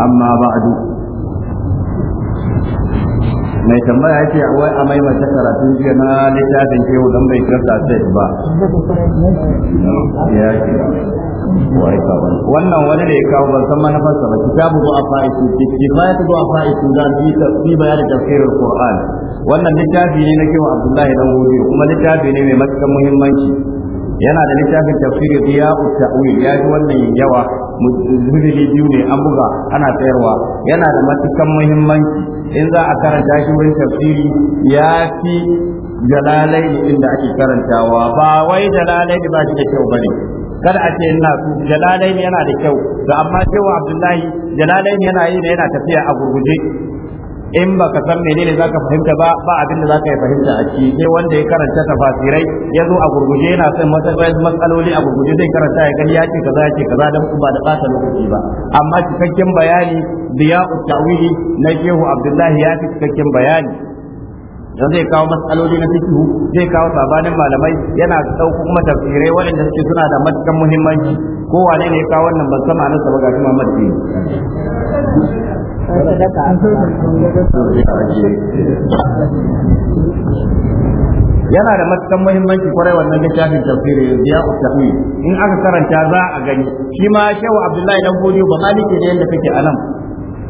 amma بعد mai tambaya yake wai a mai mata karatun jiya na littafin kewu don bai kirta sai ba wannan wani da ya kawo ban san manufarsa ba kitabu zuwa fa'isu kifayatu zuwa fa'isu da fi bayar da tafsirin qur'an wannan littafi ne na kewu abdullahi dan gobe kuma littafi ne mai matakan muhimmanci yana da littafin tafsiri ya ta'wil ya ji wannan yawa mujallidi biyu ne an buga ana sayarwa yana da matukan muhimmanci in za a karanta shi wurin tafsiri ya fi jalalai inda ake karantawa ba wai jalalai ba shi da kyau bane kada a ce ina su jalalai yana da kyau to amma cewa abdullahi jalalai yana yi ne yana tafiya a gurguje in ba ka san menene ka fahimta ba ba abin da za ka fahimta a ciki sai wanda ya karanta tafasirai ya zo a gurguje yana son matsaloli a gurguje zai karanta ya gani ya ce kaza ya ce kaza dan ba da ɓata lokaci ba amma cikakken bayani biya ta'wili na Shehu Abdullahi ya fi cikakken bayani don zai kawo matsaloli na fikihu zai kawo sabanin malamai yana ɗauko kuma tafsirai waɗanda suke suna da matakan muhimmanci kowane ne ya kawo wannan ban san ma'anarsa ba kuma Muhammad yana da matukan muhimmanci kwarai wannan shafin tafsiri ya tafi, in aka karanta za a gani shi ma shehu abdullahi dan gudi ba maliki ne yadda kake anan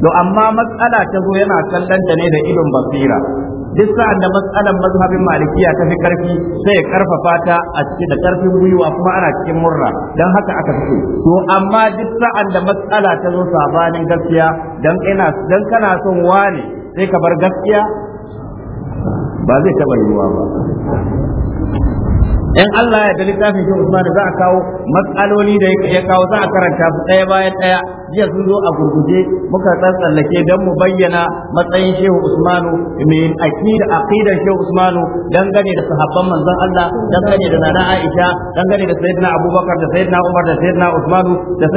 to amma matsala ta zo yana kallanta ne da idon basira duk sa'an da matsalan mazhabin malikiya ta fi karfi sai karfafa ta a cikin da karfin gwiwa kuma ana cikin murra dan haka aka fito to amma duk sa'an da matsala ta zo sabanin gaskiya dan ina dan kana son wane sai ka bar gaskiya ba zai taba yiwuwa ba in Allah ya da littafin shi Usman za a kawo matsaloli da ya kawo za a karanta su ɗaya bayan ɗaya jiya sun zo a gurguje muka tsallake dan mu bayyana matsayin Shehu Usmanu mai akida aqidar Shehu Usmanu dangane da sahabban manzon Allah dangane da Nana Aisha dangane da Sayyidina Abubakar da Sayyidina Umar da Sayyidina Usmanu da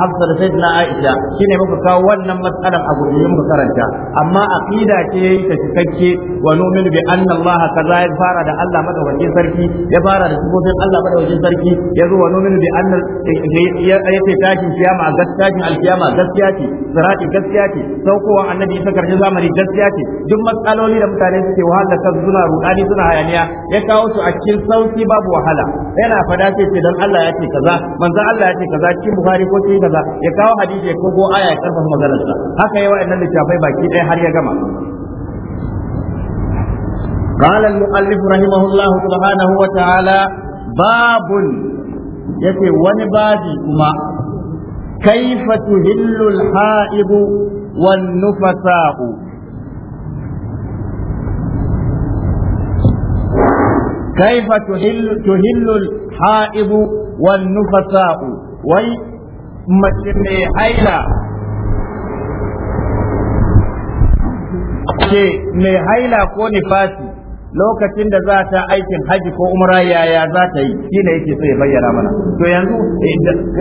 Hafsa da Sayyidina Aisha shine muka kawo wannan matsalar a gurguje muka karanta amma aqida ce ta cikakke wa nu'minu bi anna Allah kaza ya fara da Allah madawacin sarki ya fara da sifofin Allah madawacin sarki ya zo wa nu'minu bi anna tashin kiyama a alkiyama gaskiya ce sirati gaskiya ce saukowa annabi isa karshen zamani gaskiya ce duk matsaloli da mutane suke wahala kan suna rudani suna hayaniya ya kawo su a cikin sauki babu wahala yana fada sai ce dan Allah ya ce kaza manzo Allah ya ce kaza cikin buhari ko cikin kaza ya kawo hadisi ko go aya ya karfafa maganarsa haka yayi wa'annan littafai baki ɗaya har ya gama قال المؤلف رحمه الله سبحانه وتعالى باب يتي وني كيف تهل الحائض والنفساء كيف تهل تهل الحائض والنفساء وي مشمي حيلا ce mai haila ko nifasi lokacin da za ta aikin haji ko umra yaya za ta yi shi ne yake so ya bayyana mana to yanzu eh,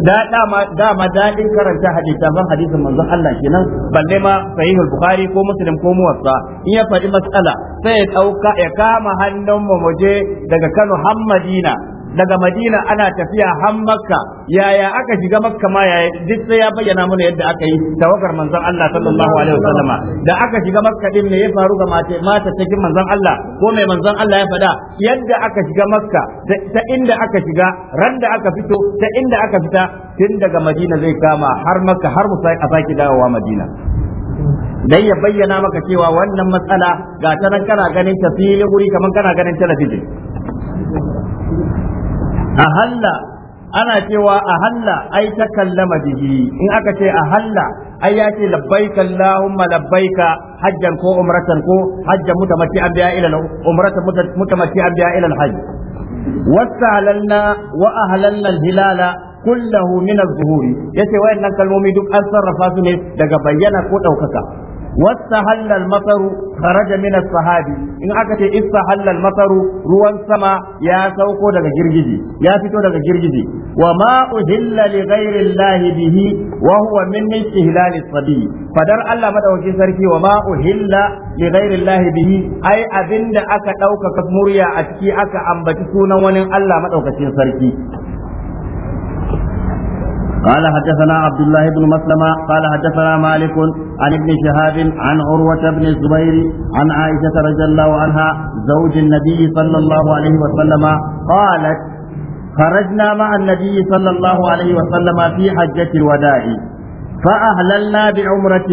da dama dama dadin karanta hadisi ban hadisin manzon Allah kenan balle ma al bukhari ko muslim ko muwatta in ya faɗi matsala sai ya dauka ya kama hannun mu muje daga Kano har daga madina ana tafiya har makka yaya aka shiga makka ma yaya duk sai ya bayyana mana yadda aka yi tawagar manzon Allah sallallahu alaihi wasallam da aka shiga makka din ne ya faru ga mata mata cikin manzon Allah ko mai manzon Allah ya faɗa yadda aka shiga makka ta inda aka shiga ran da aka fito ta inda aka fita tun daga madina zai kama har makka har mu a saki dawowa madina dan ya bayyana maka cewa wannan matsala ga ta nan kana ganin ta fili wuri kamar kana ganin talabijin ahalla ana cewa ahalla ai ta kallama bihi in aka ce ahalla ai ya ce labbaika allahumma labbaika hajjan ko umratan ko hajjan mutamatti an biya ila umratan mutamatti an biya ila alhajj واستهللنا وأهللنا الهلال كله من الظهور yace wayannan kalmomi duk an sarrafa su ne daga bayyana ko ɗaukaka واستهل المطر خرج من الصحابي إن أكت استهل المطر روان سما يا سوكو دغ جرجدي يا فيتو دغ جرجدي وما أهل لغير الله به وهو من استهلال الصبي فدر الله مدوكي سركي وما أهل لغير الله به أي أبند أكا أوكا كمريا أتكي أكا أمبتسونا ونن الله مدوكي سركي قال حدثنا عبد الله بن مسلمة قال حدثنا مالك عن ابن شهاب عن عروة بن الزبير عن عائشة رضي الله عنها زوج النبي صلى الله عليه وسلم قالت خرجنا مع النبي صلى الله عليه وسلم في حجة الوداع فأهللنا بعمرة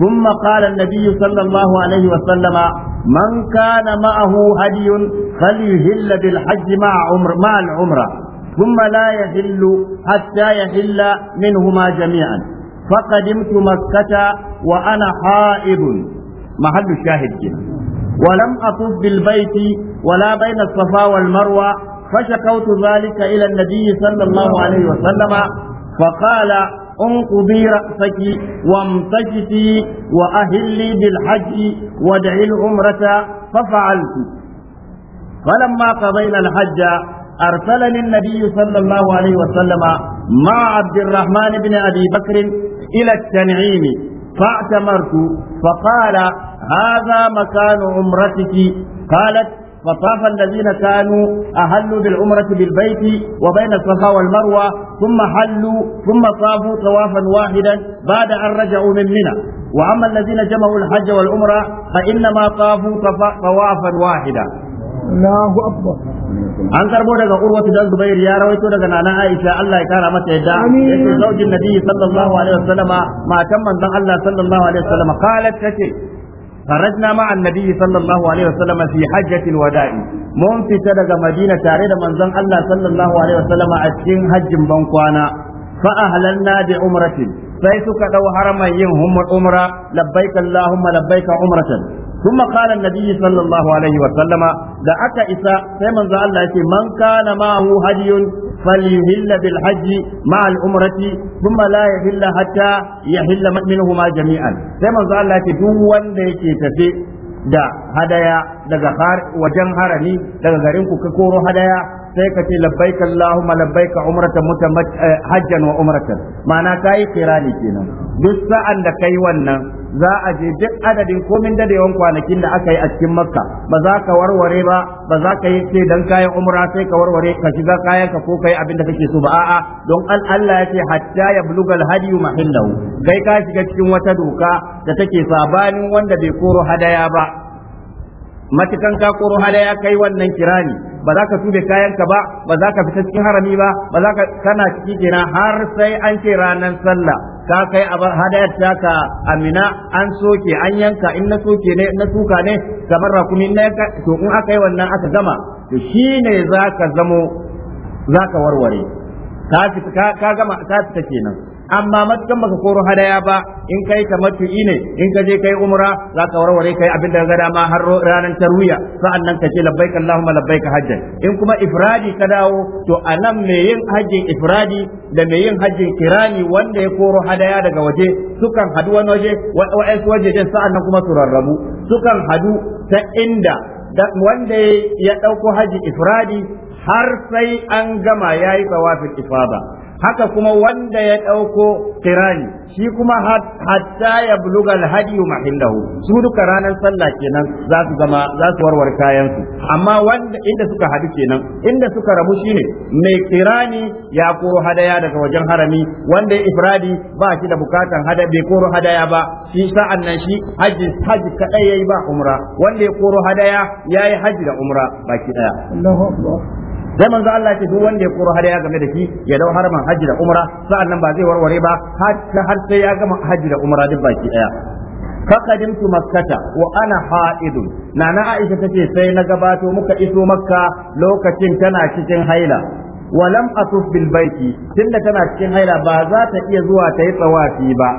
ثم قال النبي صلى الله عليه وسلم من كان معه هدي فليهل بالحج مع عمر مع العمره ثم لا يحل حتى يحل منهما جميعا فقدمت مكة وأنا حائض محل الشاهد كده ولم أطف بالبيت ولا بين الصفا والمروة فشكوت ذلك إلى النبي صلى الله عليه وسلم فقال انقضي رأسك وامتجتي وأهلي بالحج وادعي العمرة ففعلت فلما قضينا الحج أرسلني النبي صلى الله عليه وسلم مع عبد الرحمن بن أبي بكر إلى التنعيم فاعتمرت فقال هذا مكان عمرتك قالت فطاف الذين كانوا أهلوا بالعمرة بالبيت وبين الصفا والمروة ثم حلوا ثم طافوا طوافا واحدا بعد أن رجعوا من منى وأما الذين جمعوا الحج والعمرة فإنما طافوا طوافا واحدا Allahu akbar an karbo daga urwatu dan zubair ya rawaito daga nana aisha Allah ya kara mata yadda yace zaujin nabi sallallahu alaihi wasallama matan manzon Allah sallallahu alaihi wasallama qalat tace خرجنا مع النبي صلى الله عليه وسلم في حجة الوداع من في تدق مدينة تاريد من زن الله صلى الله عليه وسلم أشين حج بنقوانا فأهللنا بعمرة sai suka ɗau haraman yin umra labbaik Allahumma labbaik ثم قال النبي صلى الله عليه وسلم da aka isa sai manza Allah yake man kana ma'ahu hadiyun falyuhilla bil hajji ma'al umrati thumma la yahilla hatta yahilla minhuma jami'an sai manzo Allah duk wanda yake tafe da hadaya daga wajen harami daga garin ku ka koro hadaya sai ka ce labbaika Allahumma labbaika umratan mutamat eh, hajjan wa umratan ma'ana kai kirani kenan duk sa'an da kai wannan za a je duk adadin komin dadewan kwanakin da aka yi a cikin makka ba za ka warware ba ba za ka yi ce dan kayan umra sai ka warware ka shiga kayan ka ko kai abin da kake so ba a'a don Allah ya ce hatta ya bulugal hadiyu mahallahu kai ka shiga cikin wata doka da take sabanin wanda bai koro hadaya ba matukan ka koro ya kai wannan kirani ba za ka tube kayanka ba ba za ka fita cikin harami ba ba za ka kana ciki kenan har sai an ce ranar sallah ka kai Hada ta taka amina an soke an yanka in na soke ne na tuka ne kamar rakumi na yanka to in aka yi wannan aka gama to shine za ka zamo za ka warware ka gama ka fita kenan amma matukan baka koro hadaya ba in kai tamattu'i ne in ka je kai umra za ka warware kai abin da ga ma har ranar tarwiya sa'annan ka ce labbaik allahumma labbaik hajjan in kuma ifradi ka dawo to anan me yin hajjin ifradi da me yin hajjin kirani wanda ya koro hadaya daga waje sukan hadu wani waje wa'ansu waje din sa'annan kuma su rarrabu sukan hadu ta inda wanda ya dauko haji ifradi har sai an gama yayi tawafin ifada haka kuma wanda ya ɗauko kirani shi kuma hatta ya buluga alhadiyu mahallahu su duka ranar sallah kenan za su zama za su warware kayansu amma wanda inda suka hadu kenan inda suka rabu shine mai kirani ya koro hadaya daga wajen harami wanda ya ifradi ba shi da bukatan hada bai koro hadaya ba shi sa'an nan shi haji haji kadai yayi ba umra wanda ya koro hadaya yayi haji da umra baki daya Allahu akbar dai manzo Allah yake duk wanda ya koro har ya game da shi ya dau har man hajji da umra sa'an nan ba zai warware ba har har sai ya gama haji da umra duk baki ɗaya. fa kadimtu makkata wa ana haidun nana aisha ce sai na gabato muka iso makka lokacin tana cikin haila Walam lam atuf bil bayti tinda tana cikin haila ba za ta iya zuwa ta yi tsawafi ba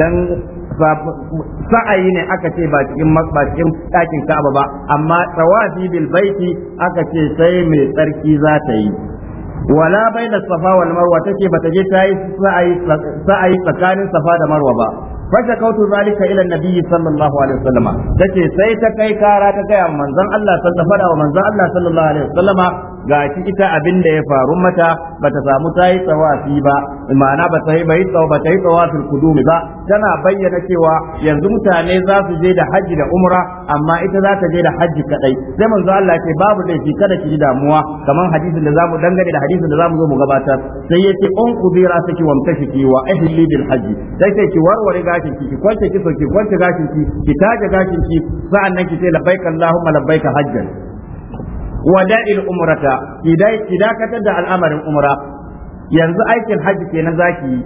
dan sa'ayi ne aka ce ba cikin ba cikin ɗakin Ka'aba ba amma tawafi bil baiti aka ce sai mai tsarki za ta yi wala baina safa wal marwa take bata je ta yi sa'ayi tsakanin safa da marwa ba فشكوت ذلك الى sai ta kai kara ta تكي سي تكاي كارا تكاي منزل الله صلى الله عليه وسلم gashi ita abin da ya faru mata bata samu ta yi tsawafi ba ma'ana ba ta yi bai tsawa ba ta yi kudumi ba tana bayyana cewa yanzu mutane za su je da haji da umra amma ita za ta je da haji kadai sai manzo Allah ce babu da shi kada ki damuwa kamar hadisin da zamu dangane da hadisin da zamu zo mu gabatar sai yace on kubira saki wamtashiki wa ahli bil haji sai ce ki warware gashin ki ki kwance ki so ki kwance gashin ki ki taje gashin ki sa'annan ki ce labbaik allahumma labbaik hajjan wada'il umrata ki dakatar da al'amarin umra yanzu aikin haji kenan zaki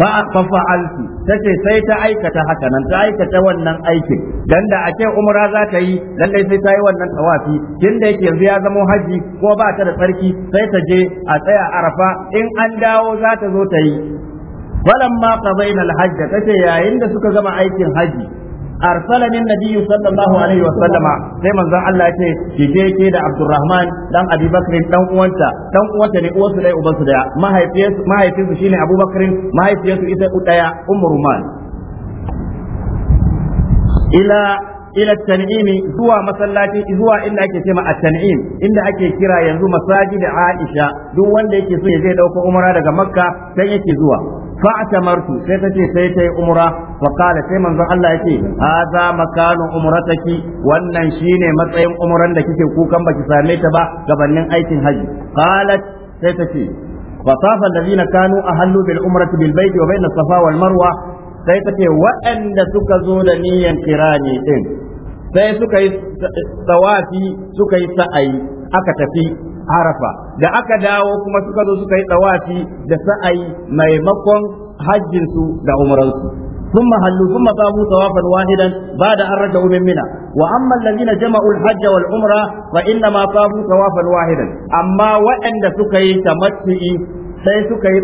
fa ta ce sai ta aikata haka nan ta aikata wannan aikin dan da ake umra za ta yi lallai sai ta yi wannan tawafi kin da yake yanzu ya zama haji ko ba ta da tsarki sai ta je a tsaya arafa in an dawo za ta zo ta yi falamma qadayna alhajj tace yayin da suka gama aikin haji arsalani nabiyyu sallallahu alaihi wasallama sai manzon Allah yake kike ke da Abdurrahman dan Abi Bakr dan uwanta dan uwanta ne uwarsu dai ubansu daya mahaifiyarsu mahaifinsu shine Abu Bakr mahaifiyarsu ita daya Ummu Ruman ila ila tan'imi zuwa masallaci zuwa inda ake cewa at-tan'im inda ake kira yanzu masajid Aisha duk wanda yake so ya je dauko umara daga Makka sai yake zuwa fa'tamartu sai tace sai tayi umra wa qala sai manzon Allah yace hadha makanu umrataki wannan shine matsayin umran da kike kukan baki same ta ba gabanin aikin haji qalat sai tace فطاف الذين كانوا أهلوا بالعمرة بالبيت وبين الصفا والمروة sai ta ce waɗanda suka zo da niyan kirani ɗin sai suka yi tsawafi suka yi sa'ayi aka tafi Harafa da aka dawo kuma suka zo suka yi dawafi da sa'ai maimakon hajjinsu da umran sun kuma halu kuma babu wahidan ba da arda umran mina wa amma ladina jama'u alhajj wal umra wa inna ma wahidan amma wa inda suka yi tamattu'i sai suka yi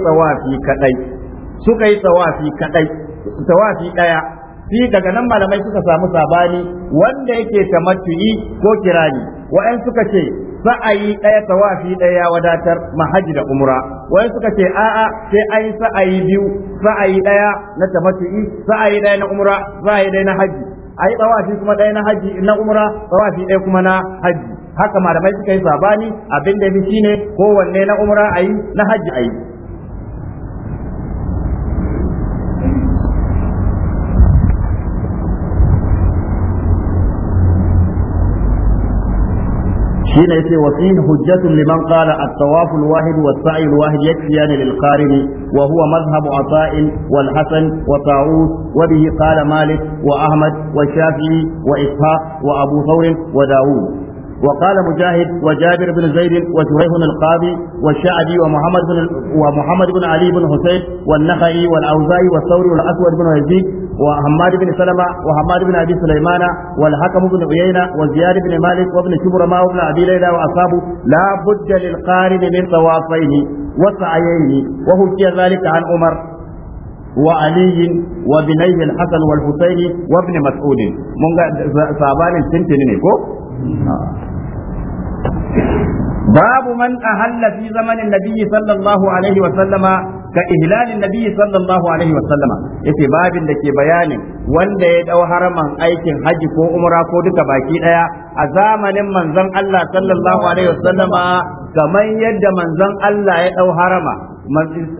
tawafi kadai sai daga nan malamai suka samu sabani wanda yake tamattu'i ko kirani wa'an suka ce sa'ayi ɗaya tawafi ɗaya wadatar mahaji da umra wa'an suka ce a'a sai a yi sa'ayi biyu sa'ayi ɗaya na tamattu'i sa'ayi ɗaya na umra sa'ayi ɗaya na haji ayi tawafi kuma ɗaya na haji na umra tawafi ɗaya kuma na haji haka malamai suka yi sabani abin da shine kowanne na umra ayi na haji ayi shine yace wa fi hujjatun liman qala at-tawaf al-wahid wa sai al-wahid yakfiyani lil-qarin wa huwa madhhab Ata'in wal wa Ta'us wa bihi Malik wa Ahmad wa Shafi'i wa Ishaq wa Abu Thawr wa Dawud وقال مجاهد وجابر بن زيد وشهيه القاضي والشعبي ومحمد بن ومحمد بن علي بن حسين والنخعي والاوزاعي والثوري والاسود بن يزيد وحماد بن سلمة وحماد بن أبي سليمان والحكم بن عيينة وزياد بن مالك وابن شبرما وابن أبي ليلى وأصحابه لا بد للقارن من طوافين وسعيين وحكي ذلك عن عمر وعلي وبنيه الحسن والحسين وابن مسعود من صابان سنتين نيكو باب من أهل في زمن النبي صلى الله عليه وسلم ka ihlalin nabi sallallahu alaihi wa sallama yace babin da ke bayanin wanda ya dau haraman aikin haji ko umra ko duka baki daya a zamanin manzon Allah sallallahu alaihi wa sallama kamar yadda manzon Allah ya dau harama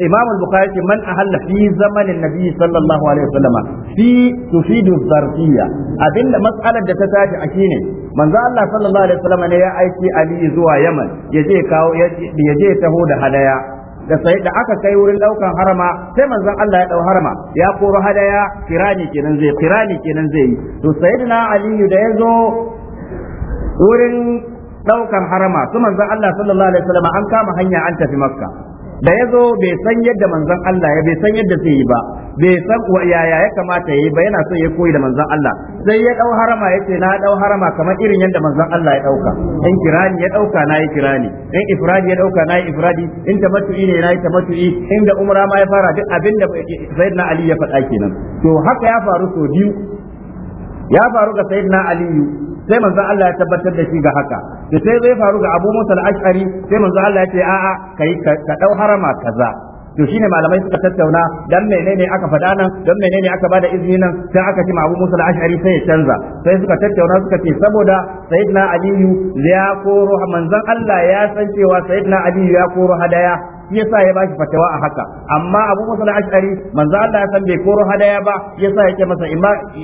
imam al-bukhari ce man ahalla fi zamanin nabi sallallahu alaihi wa wasallam fi tufidu zarfiyya abinda mas'alar da ta tashi a shine Manzon Allah sallallahu alaihi wa sallama ne ya aiki Ali zuwa Yaman ya je kawo ya je taho da hadaya da sai da aka kai wurin daukan harama sai manzon Allah ya dau harama ya koro hadaya kirani kenan zai kirani kenan zai yi to sayyidina Ali da yazo wurin daukan harama su manzon Allah sallallahu alaihi wasallam an kama hanya an tafi Makka da ya zo bai san yadda manzon Allah ya bai san yadda zai yi ba bai san yaya ya kamata ya yi ba yana son ya koyi da manzon Allah sai ya dau harama ya ce na dau harama kamar irin yadda manzon Allah ya dauka in kirani ya dauka na yi kirani in ifradi ya dauka na yi ifradi in tamattu'i ne na yi tamattu'i in da umra ma ya fara duk abin da sayyidina Ali ya faɗa kenan to haka ya faru so biyu ya faru ga sayyidina Aliyu sai manzon Allah ya tabbatar da shi ga haka da sai zai faru ga Abu Musa al-Ash'ari sai manzon Allah ya ce a kai ka dau harama kaza to shine malamai suka tattauna dan menene aka faɗa nan dan menene aka bada izini nan sai aka ce Abu Musa al-Ash'ari sai ya canza sai suka tattauna suka ce saboda Sayyidina Aliyu ya koro manzon Allah ya san cewa Sayyidina Aliyu ya koro hadaya shi yasa ya bashi fatawa a haka amma Abu Musa al-Ash'ari manzo Allah ya san bai koro hadaya ba yasa yake masa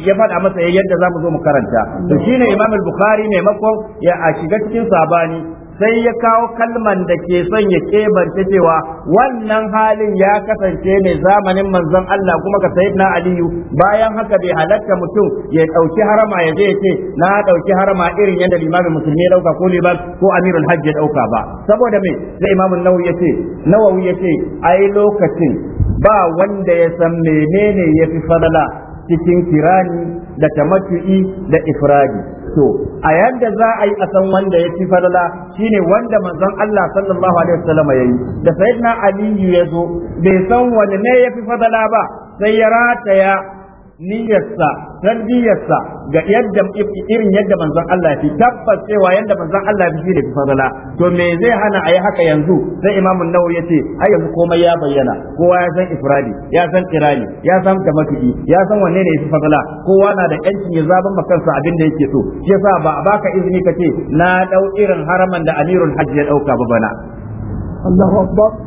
ya faɗa masa yadda zamu zo mu karanta to shine Imam al-Bukhari ne mako ya a shiga cikin sabani sai ya kawo kalman da ke son ya kebarce cewa wannan halin ya kasance ne zamanin manzon Allah kuma ka sayi na Aliyu bayan haka bai halatta mutum ya ɗauki harama ya je ce na ɗauki harama irin yadda limamin musulmi ya ɗauka ko ko amirul hajji ya ɗauka ba saboda me sai imamun nawawi ya ce nawawi ya ai lokacin ba wanda ya san menene ya fi fadala cikin kirani da tamattu'i da ifradi to a yadda za a yi a san wanda ya fi falala shine wanda manzon Allah sallallahu alaihi wasallam ya yi da sayyidina Ali ya zo bai san wani ne ya fi falala ba sai ya rataya niyyarsa tarbiyarsa ga yadda irin yadda manzon Allah ya fi tabbas cewa yadda manzon Allah ya fi da fadala to me zai hana a yi haka yanzu sai Imam ya yace ai yanzu komai ya bayyana kowa ya san ifradi ya san qirani ya san tamattu'i ya san wanne ne yafi fadala kowa na da yancin ya zaban makansa abin da yake so shi yasa ba baka izini kace na dau irin haraman da Amirul Hajji ya dauka ba bana Allahu akbar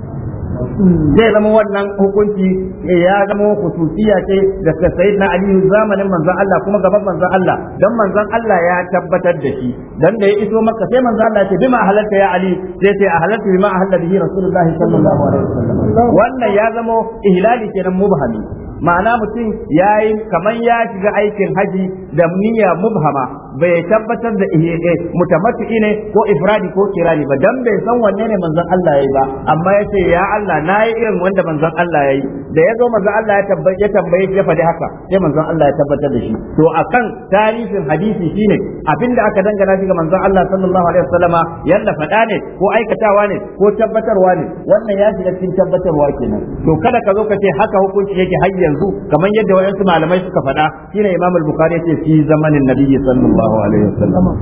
zai zama wannan hukunci eh, ya zama khususiya ce da sayyidina Ali zamanin manzon Allah kuma gaban manzon Allah don manzon Allah ya tabbatar da shi dan da ya iso maka sai manzo Allah ce bima halalta ya ali sai sai a halalta bima ahalla bihi rasulullahi sallallahu alaihi wasallam wannan ya zama ihlali kenan mubhami ma'ana mutum yayi kamar ya shiga aikin haji da niyya mubhama bai tabbatar da ihye eh, mutamatti ne ko ifradi ko kirani ba dan bai san wanne ne manzon Allah yayi ba amma yace ya Allah nayi irin wanda manzon Allah yayi da yazo manzon Allah ya tabbaye ya tambaye ya fadi haka sai manzon Allah ya tabbatar da shi to akan tarihin hadisi shine abinda aka dangana shi abin da manzon Allah sallallahu alaihi wasallama yalla faɗa ne ko aikatawa ne ko tabbatarwa ne wannan ya shiga cikin tabbatarwa kenan to kada ka zo ka ce haka hukunci yake har yanzu kamar yadda wayansu malamai suka faɗa shine Imam al-Bukhari yace fi zamanin Nabi sallallahu alaihi wasallama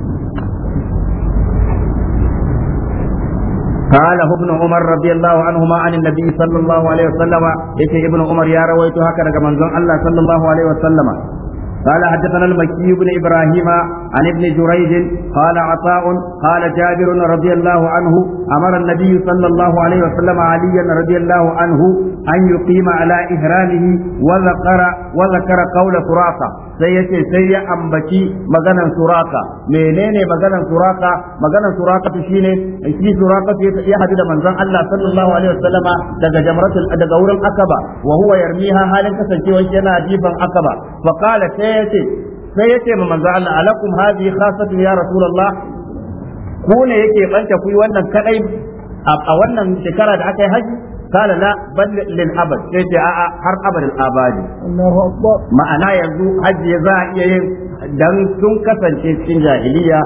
قال ابن عمر رضي الله عنهما عن النبي صلى الله عليه وسلم يتي ابن عمر يا رويت هكذا من الله صلى الله عليه وسلم قال حدثنا المكي بن إبراهيم عن ابن جريج قال عطاء قال جابر رضي الله عنه أمر النبي صلى الله عليه وسلم عليا رضي الله عنه أن يقيم على إهرامه وذكر, وذكر قول فراسة sai yace sai ya ambaci maganan suraka menene maganan suraka maganan suraka shine shi suraka ya hadu da manzon Allah sallallahu alaihi wasallama daga jamratul daga wurin akaba wa huwa yarmiha halin kasancewa yana jifan akaba fa qala sai yace sai yace ma manzon Allah alakum hadhihi khassatu ya rasulullah ku ne yake banta ku wannan kadai a wannan shekara da aka yi haji قال لا بل للأبد يجي هر أبد الآبادي الله أكبر ma'ana yanzu hajji za iya yin dan sun kasance cikin jahiliya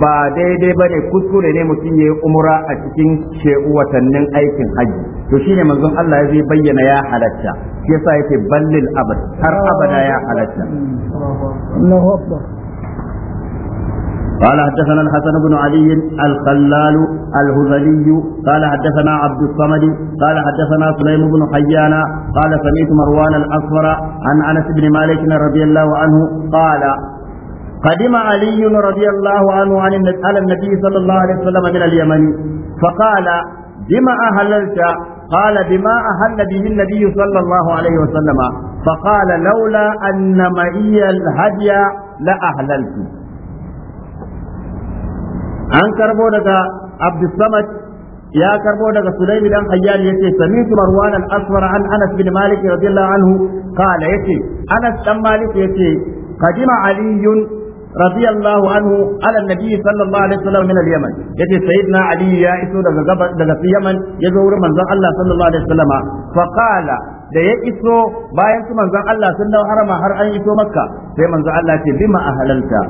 ba daidai ba ne kuskure ne mutum ya yi umra a cikin watannin aikin hajji to shine manzon Allah ya zai bayyana ya halatta shi yasa yake ballil abad har abada ya halatta Allahu akbar قال حدثنا الحسن بن علي الخلال الهذلي قال حدثنا عبد الصمد قال حدثنا سليم بن حيان قال سمعت مروان الأصفر عن أنس بن مالك رضي الله عنه قال قدم علي رضي الله عنه عن على النبي صلى الله عليه وسلم من اليمن فقال بما أهللت قال بما أهل به النبي صلى الله عليه وسلم فقال لولا أن معي الهدي لأهللت an karbo daga Abdussamad ya karbo daga Sulaimi dan Hayyan ce sami'tu Marwan al-Asfar an Anas bin Malik radiyallahu anhu qala yace Anas dan Malik yace qadima Aliyun رضي الله عنه على النبي صلى الله عليه وسلم من اليمن يتي سيدنا علي يا اسو daga gaba daga Yaman ya zo wurin manzon Allah sallallahu alaihi wasallam fa qala da ya iso bayan su manzon Allah sun dau harama har an iso Makka sai manzon Allah ce bima ahalalta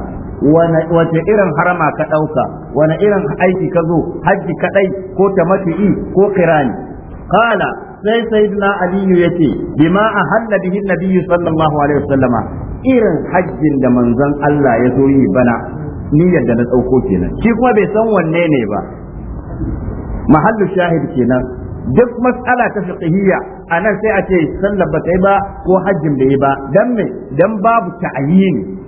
wace irin harama ka ɗauka wani irin aiki ka zo hajji kaɗai ko ta mafii ko kirani kala sai sayyidina aliyu yace bima ahalla bihi nabiyyu sallallahu alaihi wasallama irin hajjin da manzon Allah ya zo yi bana niyyar da na ɗauko kenan shi kuma bai san wanne ne ba mahallu shahid kenan duk mas'ala ta fiqhiyya anan sai a ce sallar ba ta yi ba ko hajjin bai yi ba dan me dan babu ta'yin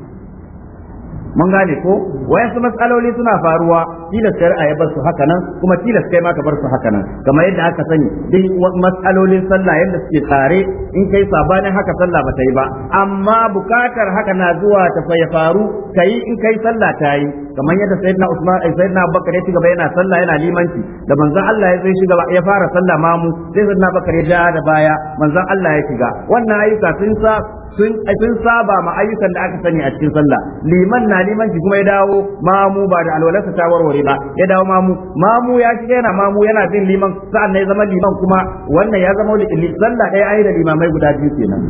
mun gane ko wayansu matsaloli suna faruwa tilas shari'a ya bar su haka nan kuma tilas kai ma ka bar su haka nan kamar yadda aka sani duk matsalolin sallah yadda suke tsare in kai sabanin haka sallah ba ta yi ba amma bukatar haka na zuwa ta faru kai in kai sallah ta yi kamar yadda sayyidina Usman ai eh, sayyidina Abubakar ya shiga yana sallah yana limanci da manzon Allah ya shiga ya fara sallah mamu sai sayyidina Abubakar ya ja da baya manzon Allah ya shiga wannan ayyuka sun sa sun eh, sun saba ma ayyukan da aka sani a cikin sallah liman na limanci kuma ya dawo mamu ba da alwalarsa ta warware ba ya dawo mamu mamu ya shiga yana mamu yana jin liman sa'an ne ya zama liman kuma wannan ya zama sallah ɗaya ayi da limamai guda biyu kenan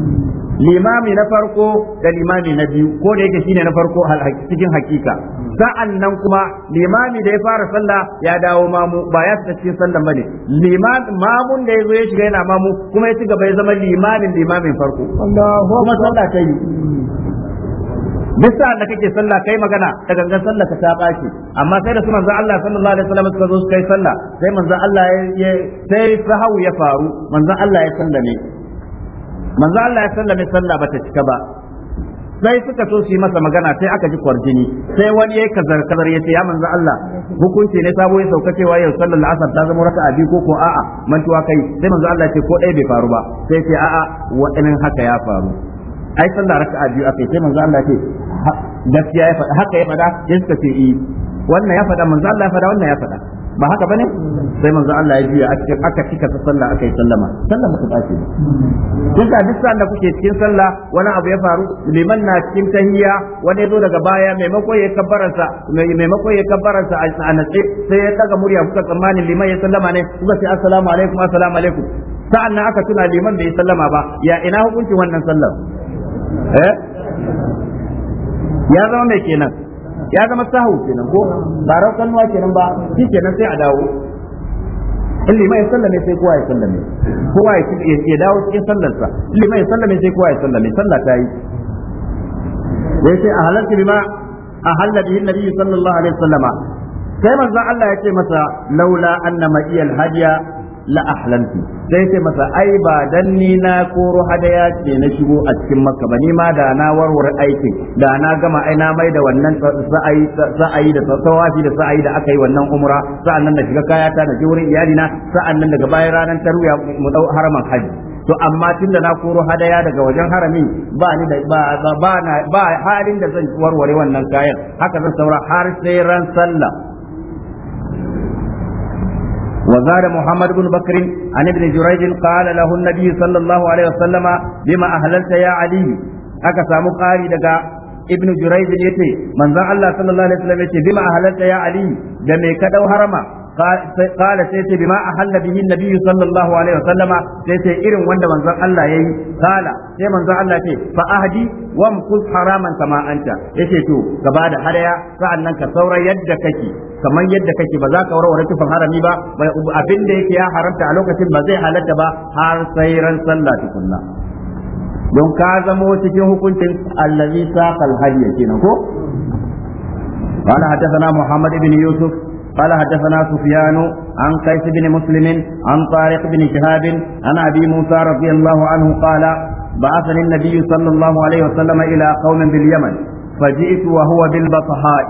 limami na farko da limami na biyu ko da yake shine na farko cikin hakika sa'an nan kuma limami da ya fara sallah ya dawo mamu ba ya fita cikin sallan bane liman mamun da ya zo ya shiga yana mamu kuma ya ci gaba ya zama limamin limamin farko kuma sallah ta yi duk da kake sallah kai magana da gangan sallah ka ta bashi amma sai da su manzo Allah sallallahu alaihi wasallam suka zo su kai sallah sai manzo Allah ya sai sahau ya faru manzo Allah ya sallame manzo Allah ya sallame sallah bata cika ba sai suka so su yi masa magana sai aka ji kwarjini sai wani yayi kazar kazar yace ya manzo Allah hukunci ne sabo ya sauka cewa yau sallar asar ta zama raka'a biyu ko ko a'a mantuwa kai sai manzo Allah ce ko ɗaya bai faru ba sai ce a'a wa'annan haka ya faru ai sallar raka'a biyu akai sai manzo Allah ce gaskiya ya faɗa haka ya faɗa sai suka ce eh wannan ya faɗa manzo Allah ya faɗa wannan ya faɗa ba haka bane sai manzo Allah ya a cikin aka tika ta sallah aka yi sallama sallah ba ta bace ba duk sanda kuke cikin sallah wani abu ya faru liman na cikin tahiyya wani ya zo daga baya maimakon ya kabbaransa maimakon ya kabbaransa a natsi sai ya daga murya kuka tsammanin liman ya sallama ne kuka ce assalamu alaikum assalamu alaikum sa'an nan aka tuna liman bai sallama ba ya ina hukuncin wannan sallah eh ya zama mai kenan ya zama sahu kenan ko ba raukanwa kenan ba shi kenan sai a dawo in limai sallame sai kowa ya sallame kowa ya dawo cikin sallarsa in limai sallame sai kowa ya sallame sallah ta yi wai sai a halarci bima a halarta bihin nabi sallallahu alaihi wasallama sai manzon Allah ya ce masa laula anna ma'iyal hajiya la ahlantu sai ce masa ai ba dan ni na koro hadaya ce na shigo a cikin makka ba ni ma da na warware aikin da na gama ai na mai da wannan sa'ayi sa'ayi da tawafi da sa'ayi da aka yi wannan umra sa'annan na shiga kaya ta na je wurin iyalina sa'annan daga bayan ranar tarwiya mu dau haraman haji to amma tun da na koro hadaya daga wajen haramin ba ni da ba ba ba halin da zan warware wannan kayan haka zan saura har sai ran sallah وزاد محمد بن بكر عن ابن جريج قال له النبي صلى الله عليه وسلم بما أهللت يا علي aka samu ƙari daga ibnu jurayj yace manzon Allah sallallahu alaihi wasallam yace bima halalta ya ali da mai ka harama قال سيتي بما أحل به النبي صلى الله عليه وسلم سيتي إرم وند من ذا الله يي قال سي من ذا الله فأهدي وامكس حراما كما أنت يتي تو كبعد حريا فعلنا كثورة يد كي kamar yadda kake ba za ka warware tufan harami ba abin abinda yake ya haramta a lokacin ba zai halatta ba har sai ran sallah tukunna don ka zamo cikin hukuncin allazi saqal hadiya ko قال حدثنا محمد Ibn Yusuf. قال حدثنا سفيان عن قيس بن مسلم عن طارق بن شهاب عن أبي موسى رضي الله عنه قال بعثني النبي صلى الله عليه وسلم إلى قوم باليمن فجئت وهو بالبطحاء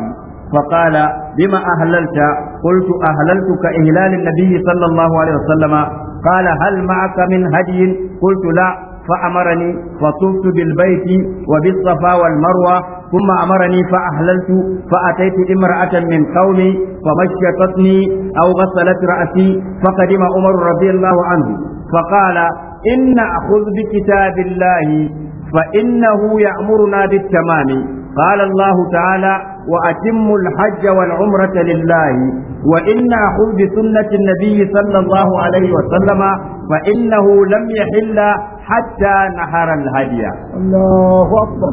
فقال بما أهللت قلت أهللتك إهلال النبي صلى الله عليه وسلم قال هل معك من هدي قلت لا فأمرني فطفت بالبيت وبالصفا والمروة ثم أمرني فأهللت فأتيت امرأة من قومي فمشطتني أو غسلت رأسي فقدم عمر رضي الله عنه فقال إن أخذ بكتاب الله فإنه يأمرنا بالتمام قال الله تعالى وأتموا الحج والعمرة لله وإن أخذ بسنة النبي صلى الله عليه وسلم فإنه لم يحل hatta nahara الهدي الله akbar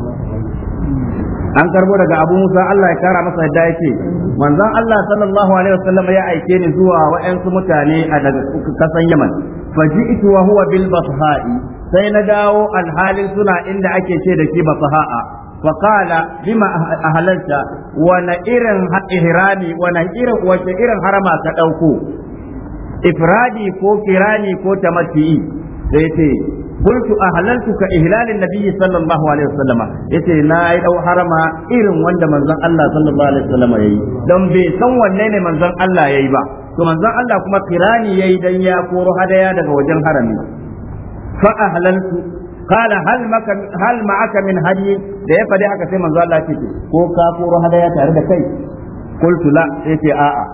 an karbo daga abu musa Allah ya kara masa yadda yake manzon Allah sallallahu alaihi wasallam ya aike ni zuwa wa'ansu mutane a daga kasan Yaman faji'tu wa huwa bil basha'i sai na dawo alhalin suna inda ake ce da shi basha'a فقال لما irin وانا إرن إهرامي irin إرن irin harama ka dauko ifradi ko kirani ko تمتعي sai ce qultu ahlaltuka ihlalin nabiyyi sallallahu alaihi wasallam yace na yi dau harama irin wanda manzon Allah sallallahu alaihi wasallam yayi dan bai san wanne ne manzon Allah yayi ba to manzon Allah kuma kirani yayi dan ya koro hadaya daga wajen harami fa قال هل مك هل معك من هدي da ya faɗi aka sai manzo Allah ce ko ka koro hadaya tare da kai qultu la ce a'a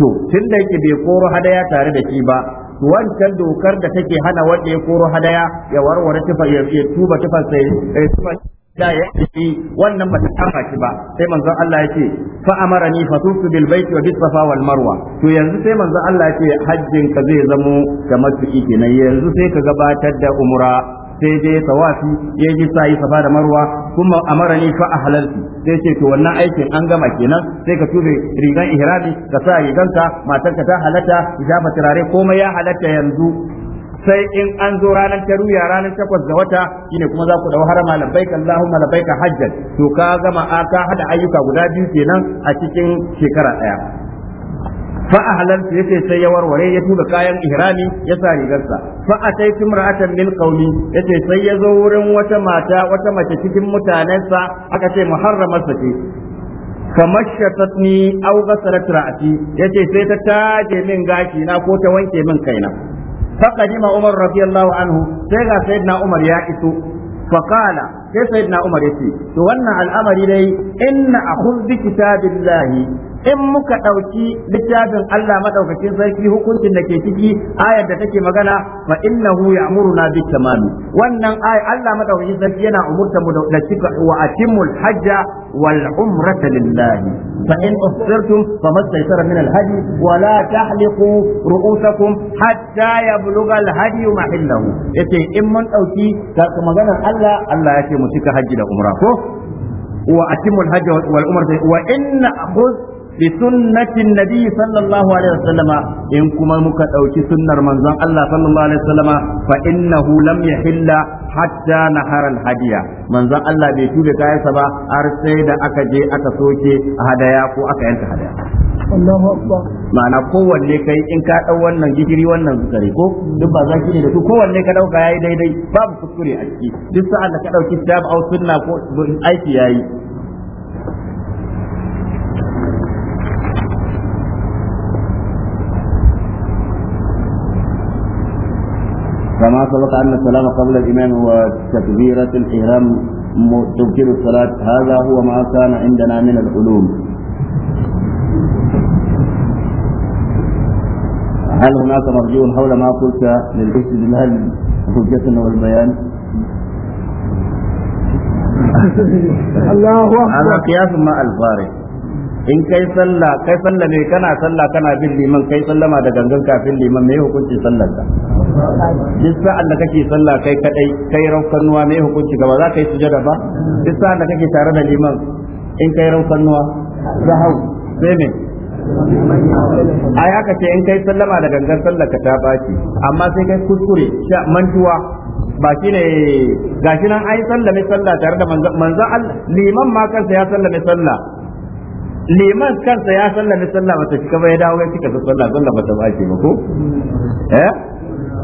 to tun da yake bai koro hadaya tare da shi ba wancan dokar da take hana wanda ya koro hadaya ya warware tufa ya tuba tufa sai eh, tufa da ya yi wannan bata kama shi ba sai manzon Allah yake fa amarani fatufu bil baiti wa bis wal marwa to yanzu sai manzon Allah yake hajjin ka zai zamo da matuki kenan yanzu sai ka gabatar da umra sai je ya tawafi ya ji sa'i safa da marwa kuma amarani fa ahlalti sai ce to wannan aikin an gama kenan sai ka tube rigan ihrami ka sa riganka matarka ta halatta hijaba turare komai ya halatta yanzu sai in an zo ranar taruya ranar takwas ga wata shine kuma za ku dawo harama labbaika Allahumma labbaika hajjan to ka gama aka hada ayyuka guda biyu kenan a cikin shekara daya fa ahlaltu yace sai ya warware ya tura kayan ihrami ya sa rigarsa fa ataitu imra'atan min qaumi yace sai ya zo wurin wata mata wata mace cikin mutanensa aka ce muharramarsa ce kamashatatni aw ghasarat ra'ati yace sai ta taje min gashi ko ta wanke min kaina فقدم عمر رضي الله عنه سيغا سيدنا عمر يا إسو فقال sai sayyidina Umar yace to wannan al'amari dai inna a bi kitabillahi in muka ɗauki littafin Allah madaukakin sarki hukuncin da ke ciki ayar da take magana fa innahu ya'muruna bit tamam wannan ayar Allah madaukakin sarki yana umurta mu da cika wa atimul hajja wal umrata lillahi fa in usirtum famastaysara min al hadi wa la tahliqu ru'usakum hatta yablugha al hadi mahillahu yace in mun ɗauki maganar Allah Allah ya ce mu cika hajji da umra ko wa atimul hajja wal umrata wa in khudh bi sunnatin nabi sallallahu alaihi wasallama in kuma muka ɗauki sunnar manzon Allah sallallahu alaihi wasallama fa innahu Allah bai tuda kayansa ba har sai da aka je aka soke hadaya ko aka yanka hadaya Allahu akbar ma'ana kowanne kai in ka dau wannan gidiri wannan zukare ko duk ba zaki ne da su kowanne ka dauka yayi daidai babu kuskure a ciki duk sa'an da ka dauki kitab au sunna aiki yayi كما سبق أن السلام قبل الإمام وتكبيرة الإحرام تبطل الصلاة هذا هو ما كان عندنا من العلوم هل هناك مرجو حول ما قلت للاستدلال حجة والبيان؟ الله أكبر هذا قياس ما الفارق in kai sallah kai sallah ne kana sallah kana bin liman kai sallama da gangan kafin liman me hukunci sallar ka duk sa'an da kake sallah kai kadai kai nuwa me hukunci ga ba za ka yi sujada ba duk sa'an da kake tare da liman in kai nuwa za hau sai me ai aka ce in kai sallama da gangan sallar ka ta baki amma sai kai kuskure Sha mantuwa ba shi ne gashi nan ai sallame sallah tare da manzo Allah liman ma kansa ya sallame sallah liman kansa ya sallame sallah bata cika ba ya dawo ya cika da sallah sallah bata ba ce ba ko eh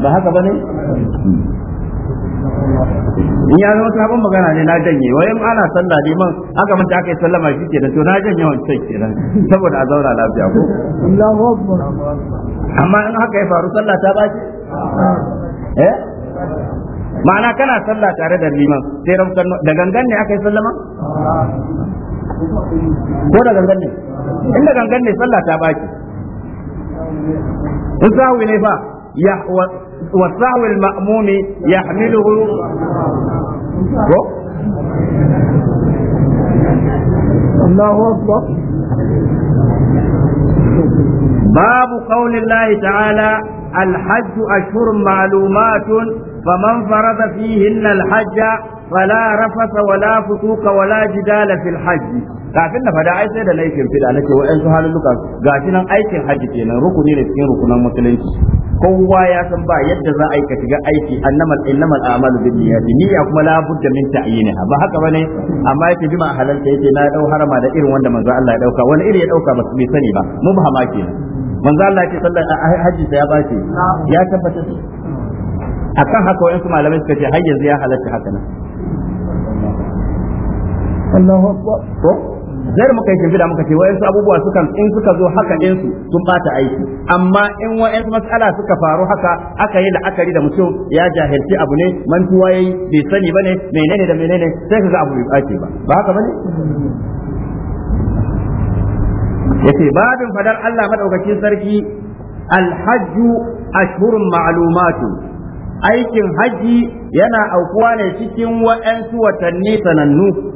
ba haka bane in ya zama sabon magana ne na janye wai in ana sallah liman haka mun ta kai sallama shi da to na janye wancan kenan saboda a zauna lafiya ko amma in haka ya faru sallah ta baki eh ma'ana kana sallah tare da liman sai da gangan ne aka yi sallama ko da gangan ne inda gangan ne sallah ta baki in sahu ne fa ya wa sahu al-ma'mumi yahmiluhu ko Allahu akbar باب قول الله تعالى الحج أشهر معلومات فمن فرض فيهن الحج فلا rafasa wala fusuka wala جدال في الحج kafin na fada ai sai da laifin fida nake wa'ansu ga shi nan aikin haji kenan rukuni ne cikin rukunan musulunci kowa ya san ba yadda za a yi ka shiga aiki annamal innamal a'malu bin niyyati niyya kuma la budda min ta'yinha ba haka bane amma yake jima halalta yake na dau harama da irin wanda manzo Allah ya dauka wani iri ya dauka ba su bai sani ba mu ba ke manzo Allah ke ce sallallahu haji sa ya bace ya tabbata akan haka su malamai suka ce har yanzu ya halatta haka nan Allahu akbar ko zai muka yi shimfida muka ce wayansu abubuwa sukan in suka zo haka ɗinsu sun bata aiki amma in wayansu matsala suka faru haka aka yi la'akari da mutum ya jahilci abu ne mantuwa yayi bai sani ba ne, menene da menene sai kaga abu bai ake ba ba haka bane yace babin fadar Allah madaukakin sarki alhajju ashhurun ma'alumatu aikin haji yana aukuwa ne cikin waɗansu watanni sanannu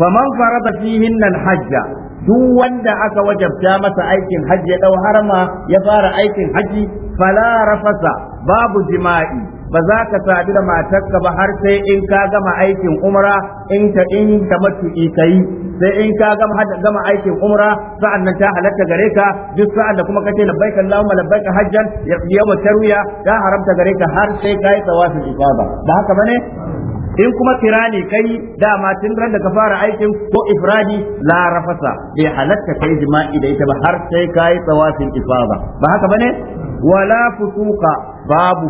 faman farada fihin nan hajja duk wanda aka wajabta masa aikin hajji ya dau harma ya fara aikin hajji fala rafasa babu jima'i ba za ka sadu da matarka ba har sai in ka gama aikin umra in ta in ka matu'i kai sai in ka gama gama aikin umra sa'an nan ta halatta gare ka duk sa'an da kuma kace labbaika Allahumma labbaika hajjan ya yawma tarwiya ta haramta gare ka har sai kai tawafin ifada ba haka bane in kuma kirani kai dama tun ran da ka fara aikin ko ifradi la rafasa bai halatta kai jima'i da ita ba har sai kai tsawafin ifada ba haka bane wala fusuka babu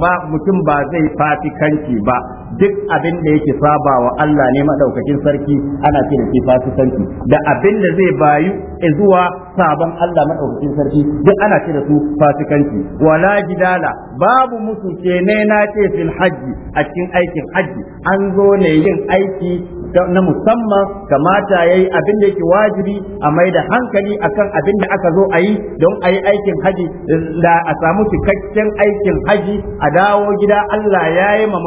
ba mutum ba zai fasikanci ba duk abin da yake saba wa Allah ne madaukakin sarki ana cewa da fati fasikanci da abin da zai bayu e zuwa sabon Allah madaukakin sarki duk ana cewa su fati fasikanci wala jidala babu musu ke ne na ce fil hajji a cikin aikin hajji an zo ne yin aiki na musamman kamata yayi abin da yake wajibi a mai da hankali akan abin da aka zo a yi don a yi aikin haji da a samu cikakken aikin haji a dawo gida Allah ya yi ma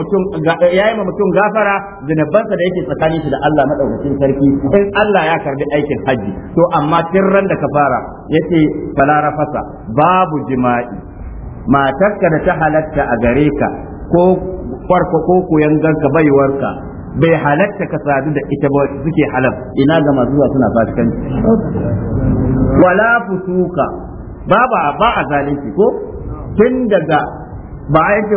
mutum gafara zinabansa da yake tsakanin shi da Allah madaukakin sarki in Allah ya karbi aikin haji to amma tirran da ka fara yace fala babu jima'i matarka da ta halatta a gare ka ko farko ko koyan ganka baiwarka bai halatta ka sadu da ita ba suke halal ina ga zuwa suna fasikanci wala fusuka ba ba ba a zalunci ko tun daga ba a yake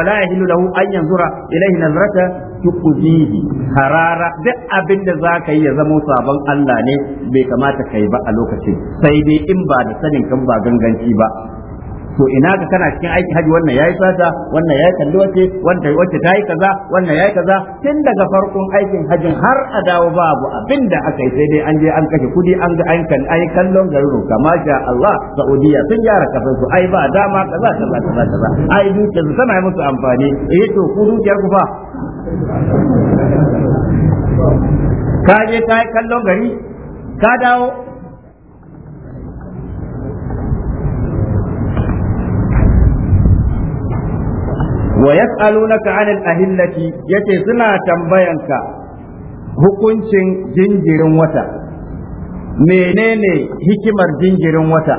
wala ya hilu lahu an yanzura ilaihi nazrata tuqzihi harara duk abin da za ka yi ya zama sabon Allah ne bai kamata kai ba a lokacin sai dai in ba da sanin kan ba ganganci ba to ina ka kana cikin aikin haji wannan yayi fata wannan yayi kalli wace wannan wace tayi kaza wannan yayi kaza tun daga farkon aikin hajin har a dawo babu abinda aka yi sai dai an je an kashe kudi an ga an kan ai kallon garin kama sha Allah Saudiya sun gyara kafin su ai ba dama kaza kaza kaza kaza ai dukiyar su tana musu amfani eh to ku dukiyar ku fa ka je kai kallon gari ka dawo wa yas'alunaka 'anil ahillati yace suna tambayanka hukuncin jinjirin wata menene hikimar jinjirin wata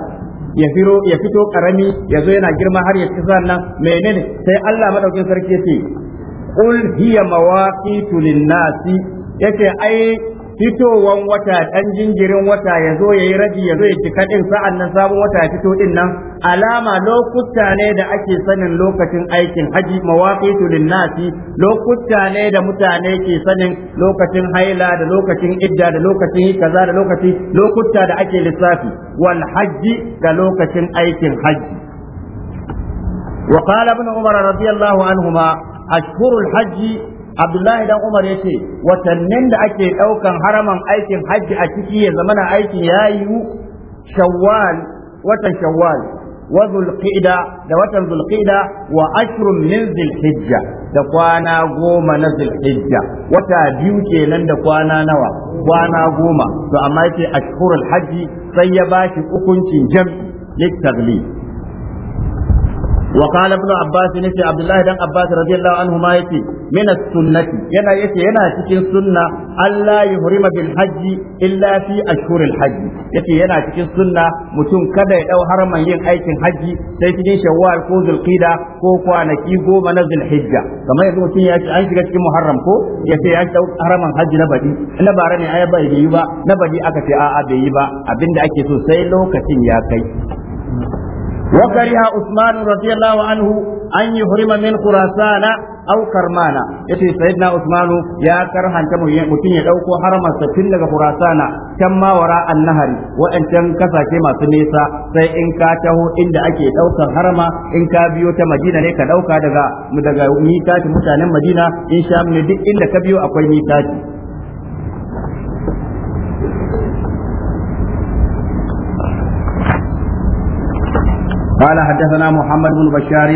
ya firo ya fito karami ya zo yana girma har ya ci sannan menene sai Allah madaukin sarki yace qul hiya mawaqitu lin-nasi yace ai fitowan wata ɗan jinjirin wata ya zo ya yi raji ya zo ya cika ɗin sa'an nan sabon wata fito ɗin nan alama lokuta ne da ake sanin lokacin aikin haji mawaqitu linnasi lokuta ne da mutane ke sanin lokacin haila da lokacin idda da lokacin kaza da lokaci lokuta da ake lissafi wal haji da lokacin aikin haji wa ابن عمر anhu, الله عنهما أشهر hajji. Abdullahi dan Umar ya ce watannin da ake ɗaukan haraman aikin hajji a ciki ya zama na aikin ya yi shawwal watan shawwal wa zulqa'da da watan zulqa'da wa ashrun min zulhijja da kwana goma na zulhijja wata biyu kenan da kwana nawa kwana goma to amma yake ashhurul hajji sai ya bashi hukuncin jam'i littagli وقال ابن عباس نسي عبد الله بن عباس رضي الله عنهما يتي من السنة ينا يتي ينا تكين سنة ألا يهرم بالحج إلا في أشهر الحج يتي ينا تكين سنة متون كذا أو حرم ين أيك الحج سيتين شوال كوز القيدة كو كوانا كي كو منزل الحجة كما يقول متون أن شكا تكين محرم كو يتي أنت حرم الحج نبدي نبارني أيبا يبا نبدي أكتي آآ بيبا أبند أكي سيلو كتين يا كي وكره عثمان رضي الله عنه أن يحرم من خراسان أو كرمانا يتي سيدنا عثمان يا كرهن كم متين يدوكو حرم ستين لغا خراسان كما وراء النهر وأن تنكسا كما سنيسا سي إن كاته إن دعكي دوكا حرم إن كابيو تمدينة لك دوكا دغا مدغا ميتات متانا مدينة إن شام ندئ إن كبيو أقوي ميتاتي قال حدثنا محمد بن بشار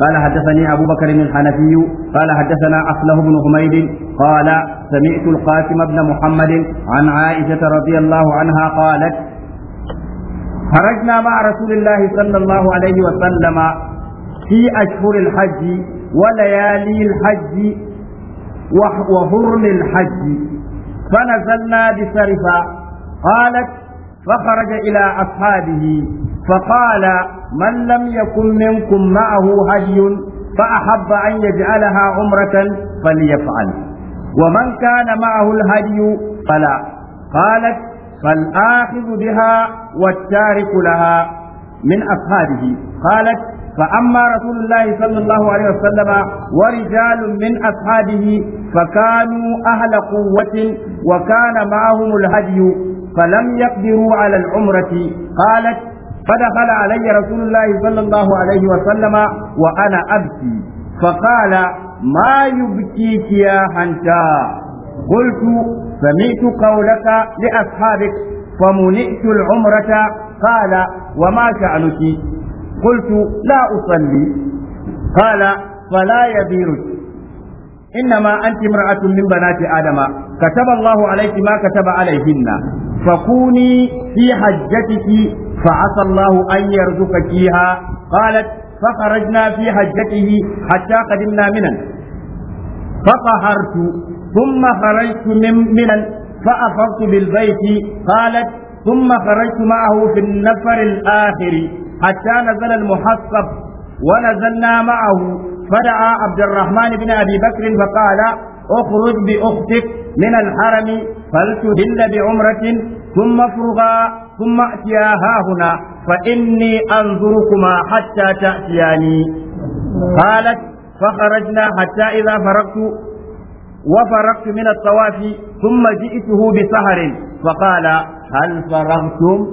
قال حدثني أبو بكر الحنفي قال حدثنا أخله بن حميد قال سمعت القاسم بن محمد عن عائشة رضي الله عنها قالت خرجنا مع رسول الله صلى الله عليه وسلم في أشهر الحج وليالي الحج وحرم الحج فنزلنا بسرفة قالت فخرج إلى أصحابه فقال من لم يكن منكم معه هدي فأحب أن يجعلها عمرة فليفعل ومن كان معه الهدي فلا قالت فالآخذ بها والتارك لها من أصحابه قالت فأما رسول الله صلى الله عليه وسلم ورجال من أصحابه فكانوا أهل قوة وكان معهم الهدي فلم يقدروا على العمرة قالت فدخل علي رسول الله صلى الله عليه وسلم وأنا أبكي فقال ما يبكيك يا هنتا قلت سمعت قولك لأصحابك فمنئت العمرة قال وما شأنك قلت لا أصلي قال فلا يبيرك إنما أنت امرأة من بنات آدم كتب الله عليك ما كتب عليهن فكوني في حجتك فعسى الله أن يرزق فيها قالت فخرجنا في حجته حتى قدمنا منا فطهرت ثم خرجت من منا فأفضت بالبيت قالت ثم خرجت معه في النفر الآخر حتى نزل المحصب ونزلنا معه فدعا عبد الرحمن بن أبي بكر فقال اخرج بأختك من الحرم فلتهل بعمرة ثم افرغا ثم أتيا هاهنا فإني أنظركما حتى تأتياني قالت فخرجنا حتى إذا فرغت وفرغت من الطواف ثم جئته بسهر فقال هل فرغتم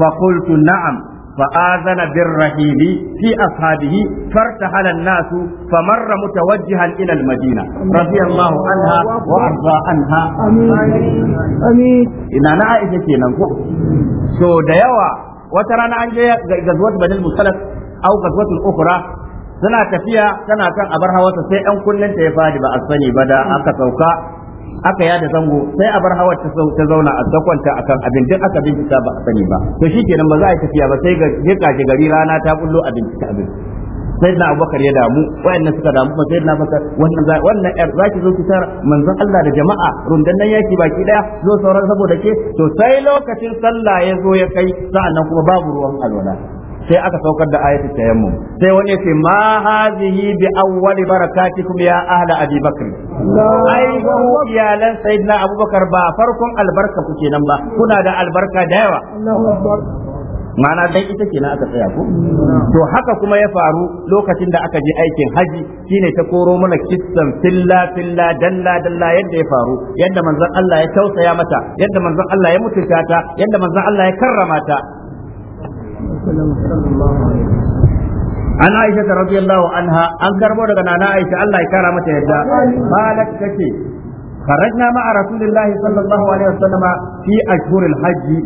فقلت نعم فآذن بالرهيب في أصحابه فارتحل الناس فمر متوجها إلى المدينة رضي الله عنها وأرضى عنها آمين آمين إن أنا عائشة كينا سو ديوا وترانا عن غزوة بني المصطلق أو غزوة أخرى suna tafiya tana kan abar hawa sai ɗan kunnen ta ya fadi ba a sani ba da aka sauka aka yada zango sai a bar hawar ta zauna a dakwanta akan abin duk aka bincika ba a sani ba to shikenan ba za a tafiya ba sai ga ji gari rana ta kullo a bincika abin sai na abubakar ya damu wayannan suka damu ba sai na bakar wannan wannan yar zaki zo ki tara manzon Allah da jama'a rundan nan yaki baki daya zo sauran saboda ke to sai lokacin sallah ya zo ya kai sa'annan kuma babu ruwan alwala sai aka saukar da ayatul tayammum sai wani yace ma hadhihi bi awwali barakatikum ya ahla abi bakr ai iyalan sayyidina abubakar ba farkon albarka kuke nan ba kuna da albarka da yawa Mana dan ita ke aka tsaya ko to haka kuma ya faru lokacin da aka je aikin haji shine ta koro mana kissan filla filla dalla dalla yadda ya faru yadda manzon Allah ya tausaya mata yadda manzon Allah ya mutunta ta yadda manzon Allah ya karrama ta an aisha ta radiyallahu anha an karbo daga nana aisha Allah ya kara mata yadda malak kace kharajna ma'a rasulillahi sallallahu alaihi wasallama fi ashhuril hajji,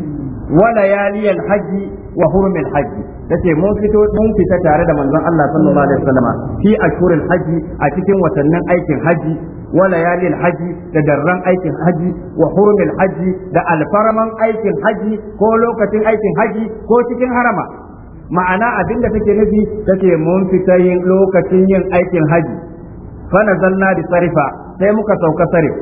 wa layaliyal hajji, wa hurumil hajji. tace mun fito mun fita tare da manzon Allah sallallahu alaihi wasallama fi ashhuril hajji a cikin watannin aikin hajji wa layalil haji da darran aikin haji wa hurmin haji da alfaraman aikin haji ko lokacin aikin haji ko cikin harama ma'ana abin da take nufi take mun fita yin lokacin yin aikin haji fa nazalna bi sarifa sai muka sauka sarif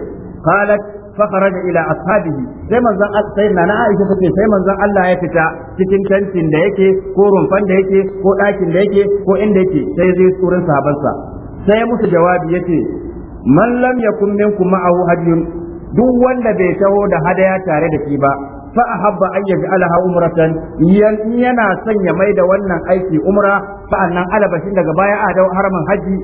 qalat فخرج الى اصحابه sai manzon sai na na Aisha take sai manzon Allah ya fita cikin tantin da yake ko rumfan da yake ko ɗakin da yake ko inda yake sai zai tsurin sabonsa. sai musu jawabi yace man lam yakun minkum ma'ahu hadiyun duk wanda bai taho da hadaya tare da shi ba fa ahabba an yaj'alaha umratan yana son ya mai da wannan aiki umra fa annan alabashin daga baya a da haramin haji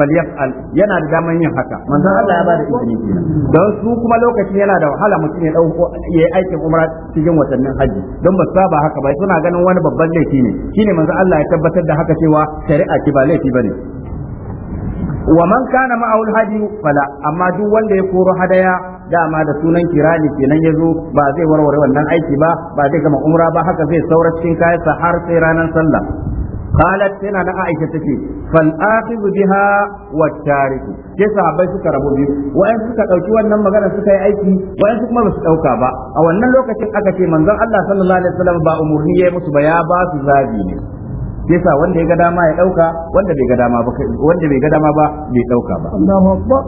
falyaf'al yana da daman yin haka manzo Allah ya bada izini kenan don su kuma lokacin yana da wahala mutum ya dauko yayi aikin umra cikin watannin haji don ba saba haka ba suna ganin wani babban laifi ne shine manzo Allah ya tabbatar da haka cewa shari'a ki ba laifi bane wa man kana ma'aul hadi fala amma duk wanda ya koro hadaya dama da sunan kirani kenan zo ba zai warware wannan aiki ba ba zai gama umra ba haka zai saura cikin kayansa har sai ranar sallah قالت سنة عائشة تكي wa بها ke sa sahabbai suka rabu biyu wa'in suka ɗauki wannan magana suka yi aiki wa'in su kuma basu su ɗauka ba a wannan lokacin aka ce manzon Allah sallallahu alaihi wasallam ba umurni ya musu ba ya ba su zabi ne yasa wanda ya ga dama ya dauka wanda bai ga dama ba wanda bai ga dama ba bai dauka ba Allahu akbar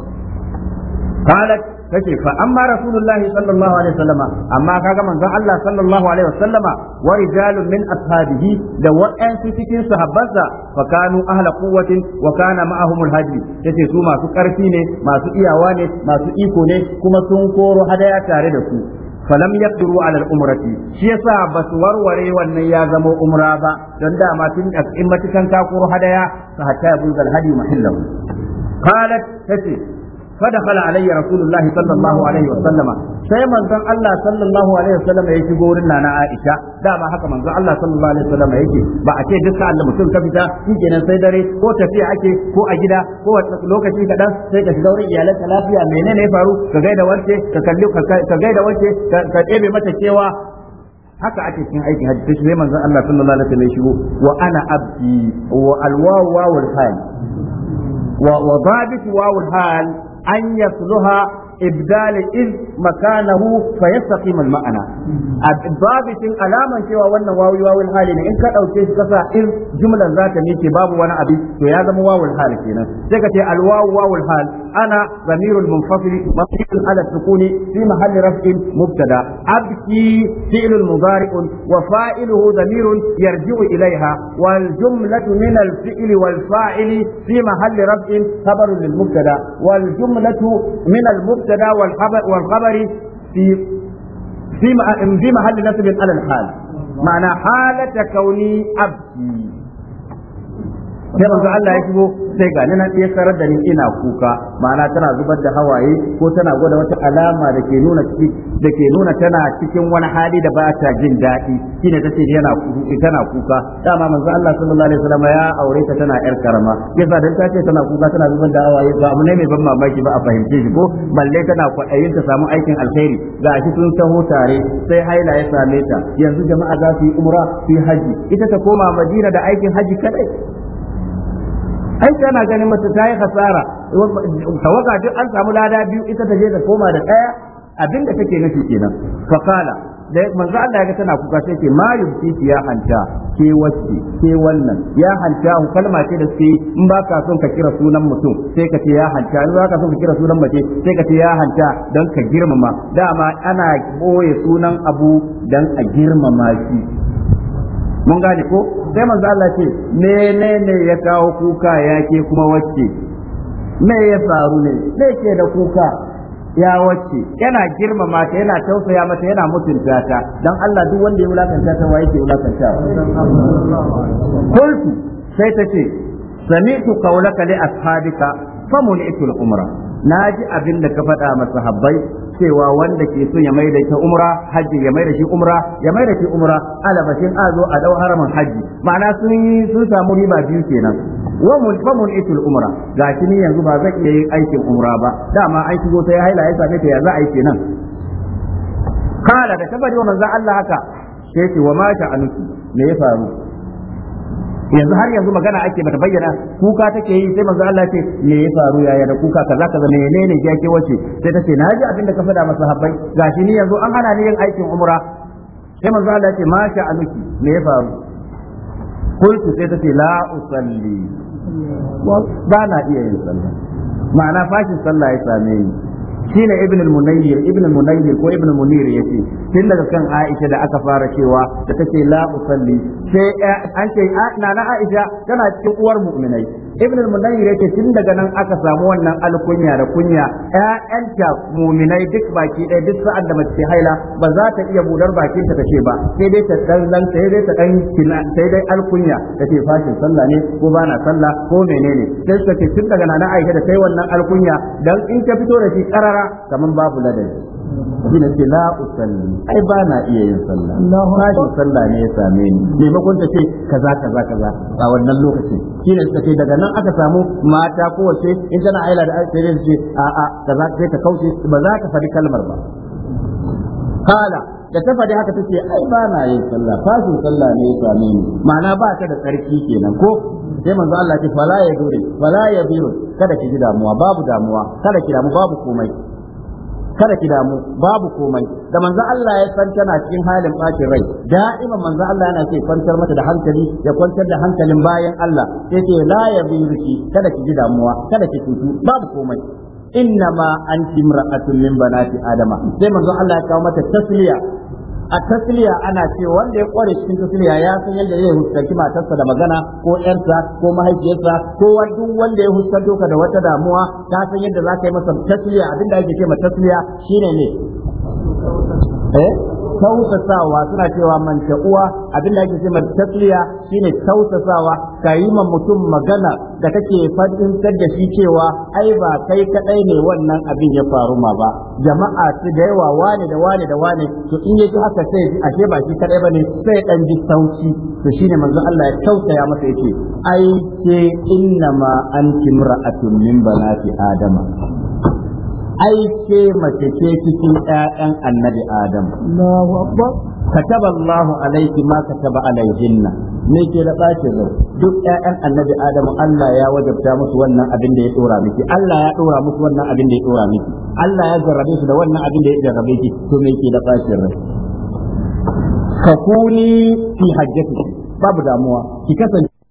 qalat kace fa amma rasulullahi sallallahu alaihi wasallama amma kaga manzon Allah sallallahu alaihi wasallama wa rijalun min ashabihi da waɗansu cikin sahabbansa fa kanu ahla quwwatin wa kana ma'ahum alhadi yace su masu karfi ne masu iyawa ne masu iko ne kuma sun koro hadaya tare da su falam ya ala alal umrati shi yasa su warware wannan ya zama umra ba don dama tun in matukan takuru hadaya fa hatta yabul hadi mahallahu qalat tace فدخل علي رسول الله صلى الله عليه وسلم sai manzon Allah sallallahu alaihi wasallam ya shigo wurin nana Aisha dama haka manzon Allah sallallahu alaihi wasallam yake ba a ce duk sa'an mutum ta fita shikenan sai dare ko tafiya ake ko a gida ko lokaci kadan sai ka shiga wurin iyalan ka lafiya menene ya faru ka gaida wance ka kalli ka gaida ka ɗebe mata cewa haka ake cikin aikin hajji sai sai manzon Allah sallallahu alaihi wasallam shigo wa ana abdi wa alwawu wawul hal wa wa babit an yasluha ibdal iz makanahu fa yastaqim al ma'ana babitin alaman cewa wannan wawi wawul hali ne in ka dauke shi kasa in jumlan zata ke babu wani abin to ya zama wawul hali kenan sai ka ce al wawu wawul hali أنا ضمير المنفصل مبني على السكون في محل رفع مبتدا أبكي فعل مضارع وفاعله ضمير يرجع إليها والجملة من الفعل والفاعل في محل رفع خبر للمبتدا والجملة من المبتدا والخبر في في محل نصب على الحال معنى حالة كوني أبكي sai manzo Allah ya shigo sai ga nan ya sarar da ni ina kuka ma'ana tana zubar da hawaye ko tana gwada wata alama da ke nuna ciki da ke nuna tana cikin wani hali da ba ta jin daɗi shine tace yana tana kuka dama manzo Allah sallallahu alaihi wasallam ya aure ta tana yar karama yasa dan tace tana kuka tana zubar da hawaye ba mu ne mai ban mamaki ba a fahimce shi ko balle tana kwaɗayin ta samu aikin alheri ga shi sun taho tare sai haila ya same ta yanzu jama'a za su yi umra su yi haji ita ta koma Madina da aikin haji kadai kai kana ganin mace ta yi hasara tawaga duk an samu lada biyu ita ta je ta koma da ɗaya abinda take nufi kenan fa kala da manzo Allah ya ga tana kuka sai ce ma yubti ya hanta ke wacce ke wannan ya hanta kalma ce da sai in ba ka son ka kira sunan mutum sai ka ce ya hanta in ba ka son ka kira sunan mace sai ka ce ya hanta dan ka girmama dama ana boye sunan abu dan a girmama shi mun gane ko sai manzo Allah ce menene ya kawo kuka ya ke kuma wacce me ya faru ne me ke da kuka ya wacce yana girmamata, mata yana tausaya mata yana mutunta ta dan Allah duk wanda ya wulakanta ta wa yake wulakanta kultu sai ta ce sami tu kaulaka li ashabika famuni'tu al-umra na ji abin da ka faɗa masa habbai cewa wanda ke so ya mai da umra haji ya mai da shi umra ya mai da shi umra alabashin a zo a dau haramin haji ma'ana sun sun samu riba biyu kenan wa mun fa mun itul umra shi ni yanzu ba zan iya yin aikin umra ba dama an shigo sai haila ya same ta ya za a yi kenan kala da tabari wa manzo Allah haka sai ce wa ma sha'anuki me ya faru yanzu har yanzu magana ake bata bayyana kuka take yi sai manzo Allah ce me ya faru yaya da kuka kaza kaza ne ne yake wace sai ta ce na ji abin da ka faɗa masa habbai gashi ni yanzu an hana ni yin aikin umra sai manzo Allah ce ma sha anuki me ya faru kultu sai ta ce la usalli ba na iya yin sallah ma'ana fashin sallah ya same ni shine ibn al-munayyir ibn al-munayyir ko ibn ya yace tun daga kan Aisha da aka fara cewa da take la usalli sai eh, an ce ah, na na Aisha tana cikin uwar mu'minai ibn al-munayyir yake tun daga nan aka samu wannan alkunya da kunya ƴaƴanta muminai duk baki ɗaya duk sa'ar da mace haila ba za ta iya budar bakin ta kace ba sai dai ta dan dan sai dai ta dan kina sai dai alkunya ta ce fashin sallah ne ko ba na sallah ko menene sai ta ce tun daga nan Aisha da sai wannan alkunya dan in ta fito da shi karara kaman babu ladabi shi ne ce la usalli ai ba na iya yin sallah shi sallah ne ya same ni maimakon ta ce kaza kaza kaza a wannan lokacin shi ne suka ce daga nan aka samu mata kowace in tana aila da alƙairin ce a a kaza sai ta kauce ba za ka faɗi kalmar ba kala da ta faɗi haka tace ai ba na yin sallah fashin sallah ne ya same ni ma'ana ba ka da tsarki kenan ko sai manzo Allah ce fala ya dore fala ya biro kada ki ji damuwa babu damuwa kada ki damu babu komai kada ki damu babu komai da manzo Allah ya san tana cikin halin bakin rai da'iman manzo Allah yana ce kwantar mata da hankali ya kwantar da hankalin bayan Allah sai ce la yabiruki kada ki ji damuwa kada ki tutu babu komai ma anti imra'atun min banati adama sai manzo Allah ya kawo mata tasliya a tasliya ana ce wanda ya kware cikin tasliya ya san yadda zai huskanci matarsa da magana ko ƴarsa ko mahaifiyarsa ko duk wanda ya huskanto ka da wata damuwa ta san yadda za ka yi masa tasliya abinda ake ce ma tasliya shine ne tausasawa suna cewa manta uwa abinda ake ce mai tasliya shine tausasawa kayi ma mutum magana da kake fadintar da shi cewa ai ba kai kadai ne wannan abin ya faru ma ba jama'a su da yawa wane da wane da wane to in yaji haka sai ji ashe ba shi kadai bane sai dan ji sauki to shine manzo Allah ya tausaya masa yake ai ce innama anti imra'atun min banati adama Aike mace ce cikin ƴaƴan annabi adam Allahu akbar kataba Allahu alayki ma kataba alaihinna. me ke da bace zai duk ƴaƴan annabi adam Allah ya wajabta musu wannan abin da ya dora miki Allah ya dora musu wannan abin da ya dora miki Allah ya jarrabe su da wannan abin da ya jarrabe ki to me ke da bace zai ka kuni fi hajjati babu damuwa ki kasance